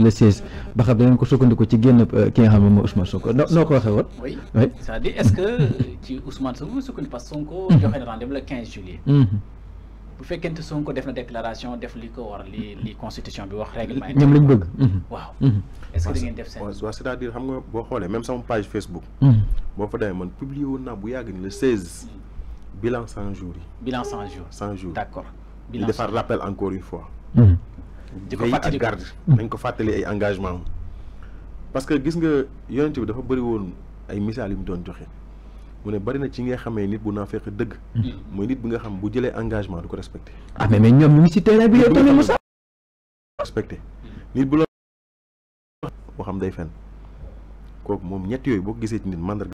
le 16 ba xam danañ ko sukkandiku ci génn euh, ki nga xam ne mooy Ousmane Sonko noo ko waxee woon. oui c'est-à-dire est-ce que ci Ousmane Sonko sukkandiku parce que Sonko mhm. joxe na rendez-vous le 15 juillet. Mhm. bu fekkente Sonko def na déclaration def li ko war li li constitution bi wax règlement. ñoom lañ bëgg. Mhm. waaw est-ce que da ngeen def seen. waaw c'est-à-dire xam nga boo xoolee même sama page Facebook. boo fa demee man publier woon naa bu yàgg ni le 16. bilan 100 jours yi. bilan 100 jours 100 jours d'accord. bilan 100 jours ñu defar rappel encore une fois. di ko fàttali nañ ko fàttali ay engagement parce que gis nga yonent bi dafa bëri woon ay misaal yu mu doon joxe mu ne bari na ci nga xamee nit bu naa fekk dëgg mm-hmm. mooy nit bi nga xam bu jëlee engagement du ko respecté ah mais mais ñoom ñu ngi ci terrain bi yow tamit Moussa respecté nit bu la boo xam day fenn kooku moom ñett yooyu boo ko gisee ci nit mandarga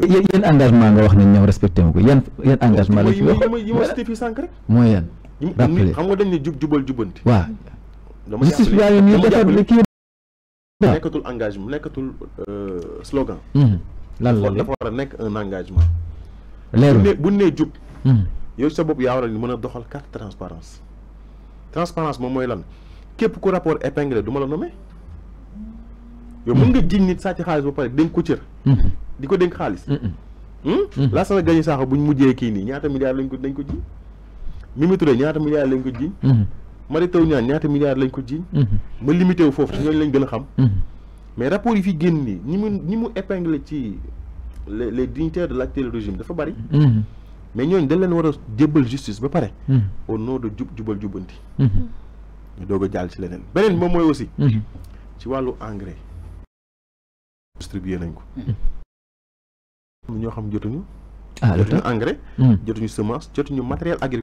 yéen engagement nga wax ne ñoom respecté ma ko yan yan yi ma cité fii sànq rek mooy yan Hm? Hm? Ya? Kamu xam nga dañ ne jub jubal jubanti. waaw dama justice bi yàlla ñuy defar li kii. nekkatul engagement eh, slogan. lan la dafa un engagement. leerul bu ne bu nee hmm. yow sa bopp yaa war a doxal carte transparence transparence lan képp ku rapport épinglé du la nommé. yow mën nga hmm. jiñ nit sàcc xaalis ba pare dénk ko cër. Hmm. di ko dénk xaalis. laa sama gañi saaxo buñ mujjee kii nii ñaata milliards lañ ko dañ ko Mimi Touré ñaata milliards lañ ko jiiñ. Mhm. Mary Teuw Niane ñaata milliards lañ ko jiiñ. Mhm. ma limité wu foofu ci ñooñu lañ gën a xam. Mhm. mais rapport yi fii génn nii ñi mu ñi mu épinglé ci les les dignitaires de l'actuel régime dafa bari. mais ñooñu dañ leen war a jébbal justice ba pare. au nom de jub jubal jubbanti. ñu doog a jàll ci leneen beneen moom mooy aussi. ci wàllu engrais. distribué nañ ko. ñoo xam jotuñu. Ah, engrais. jotuñu semence jotuñu matériel agricole.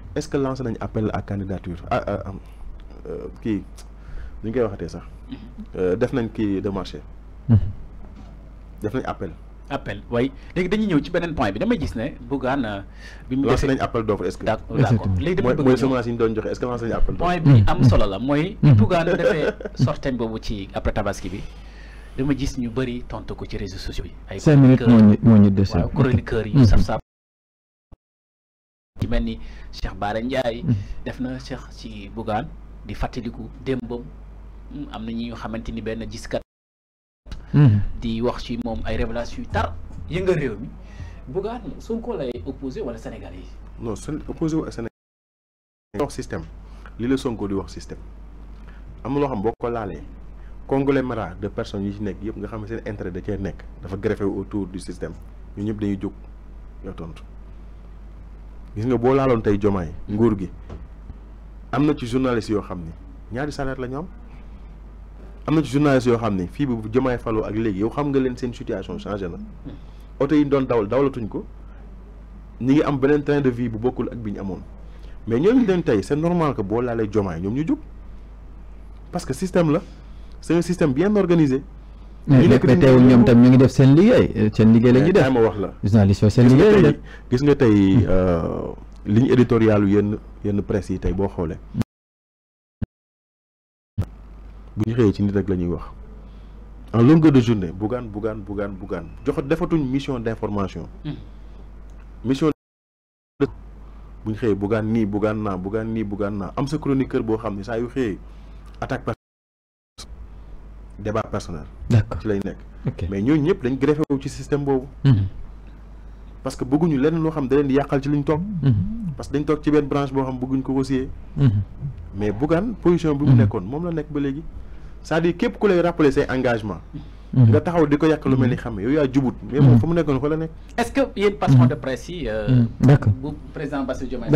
est-ce que lancer nañ appel à candidature ah kii ah, ah, euh, li ñu koy waxatee sax mm-hmm. euh, def nañ ki de marché mm-hmm. def nañ appel appel waaye légui dañuy ñëw ci benen point bi dama gis ne Bougane euh, bi mu lancer nañ appel d'offre est-ce que d'accord légui dama bëgg moy semence yi ñu doon joxe est-ce que lancer nañ appel point bi mm-hmm. am solo la mooy Bougane défé sortem bobu ci après tabaski bi dama gis ñu bari tontu ko ci réseaux sociaux yi ay 5 minutes mo ñu mo ñu déssé waaw chroniqueur yi saf sa mel ni Cheikh Bara Ndiaye mm. def na Cheikh ci Bougane di fàttaliku démbam am na ñi ñu xamante ni benn jiskat mm. di wax ci moom ay révélation yu tar yëngal réew mi Bougane Sonko lay opposé wala Sénégalais yi non opposé wu ak Sénégalais yi wax système li la Sonko di wax système am loo xam boo ko laalee conglomérat de personnes yi ci nekk yëpp nga xam ne seen intérêt da cee nekk dafa greffé autour du système ñu ñëpp dañuy jóg yoo tontu gis nga bo laaloon tey jomaay nguur gi am na ci journaliste yo xamni ñaari salaire la ñom amna ci journaliste yo xamni fi bu jomay faloo ak legi yow xam nga len seen situation changer na auto yi doon dawal dawlatuñ ko ni ngi am benen train de vie bu bokul ak biñ amone mais mais ñu leen tay c'est normal que boo laalee jomay ñom ñu jóg parce que système la c'est un système bien organisé ñu nekk ñoom tam ñu ngi def seen liggéey euh, seen liggéey la ñuy def ma wax la journaliste seen liggéey gis nga tey euh, ligne éditoriale yenn yenn presse yi tey boo xoolee bu ñu xëyee ci nit rek la ñuy wax en longueur de journée bugaan bugaan bugaan bugaan jox defatuñ mission d'information hmm. mission bu ñu xëyee bugaan nii bugaan naa bugaan nii bugaan naa am sa chroniqueur boo xam ne saa yu xëyee attaque débat personnel. d'accord ci lay nekk. mais ñooñu ñëpp dañ greffé wu ci système boobu. Mhm. parce que bëgguñu lenn loo xam da leen di yàqal ci li ñu toog. Mhm. parce que dañ toog ci benn branche boo xam bëgguñ ko aussi. Mhm. mais Bougane position bi mu nekkoon moom la nekk ba léegi c'est-à-dire képp ku lay rappeler say engagement Mhm. nga taxaw di ko yàq lu mel ni xam mhm. yow yaa jubut. mais moom fa mu nekkoon fa la nekk. est ce que yéen patron de presse yi. Euh, mhm. d' bu président Bassirou Diomaye. ce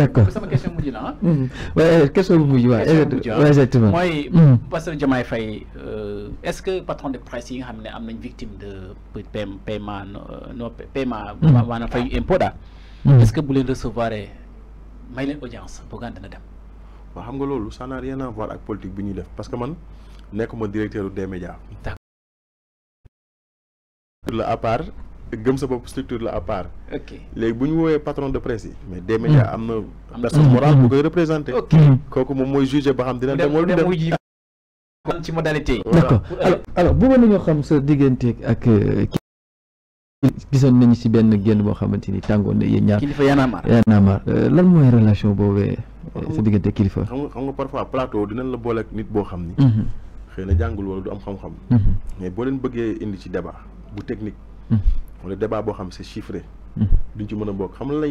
que patron de presse yi nga xam ne am nañ victime de paiement euh, non paiement. maanaam fayu impôt daal. est ce que bu leen recevoir may leen audience Bougane dana dem. waaw xam nga loolu sa n'a rien à voir ak politique bi ñuy def parce que man nekkuma directeur des médias. structure la à part gëm sa la à part. ok ñu woowee patron de presse yi. mais des médias am na. Hmm. personne morale bu koy représenté. ok kooku moom mooy jugé ba xam dina dem wala dem ci modalité d'accord alors alors bëggoon nañoo xam sa diggante ak euh, gisoon nañu si benn génn boo xamante ni tàngoon na yéen ñaar kilifa yaanaamaar euh, lan mooy relation boobee sa diggante kilifa xam nga xam nga parfois plateau dinañ la boole ak nit boo xam ni mhm. xëy na jàngul wala du am xam-xam mhm. mais boo leen bëggee indi ci débat bu technique. Hmm. wala débat boo xam c'est chiffré. Hmm. duñ ci mën a bokk xam la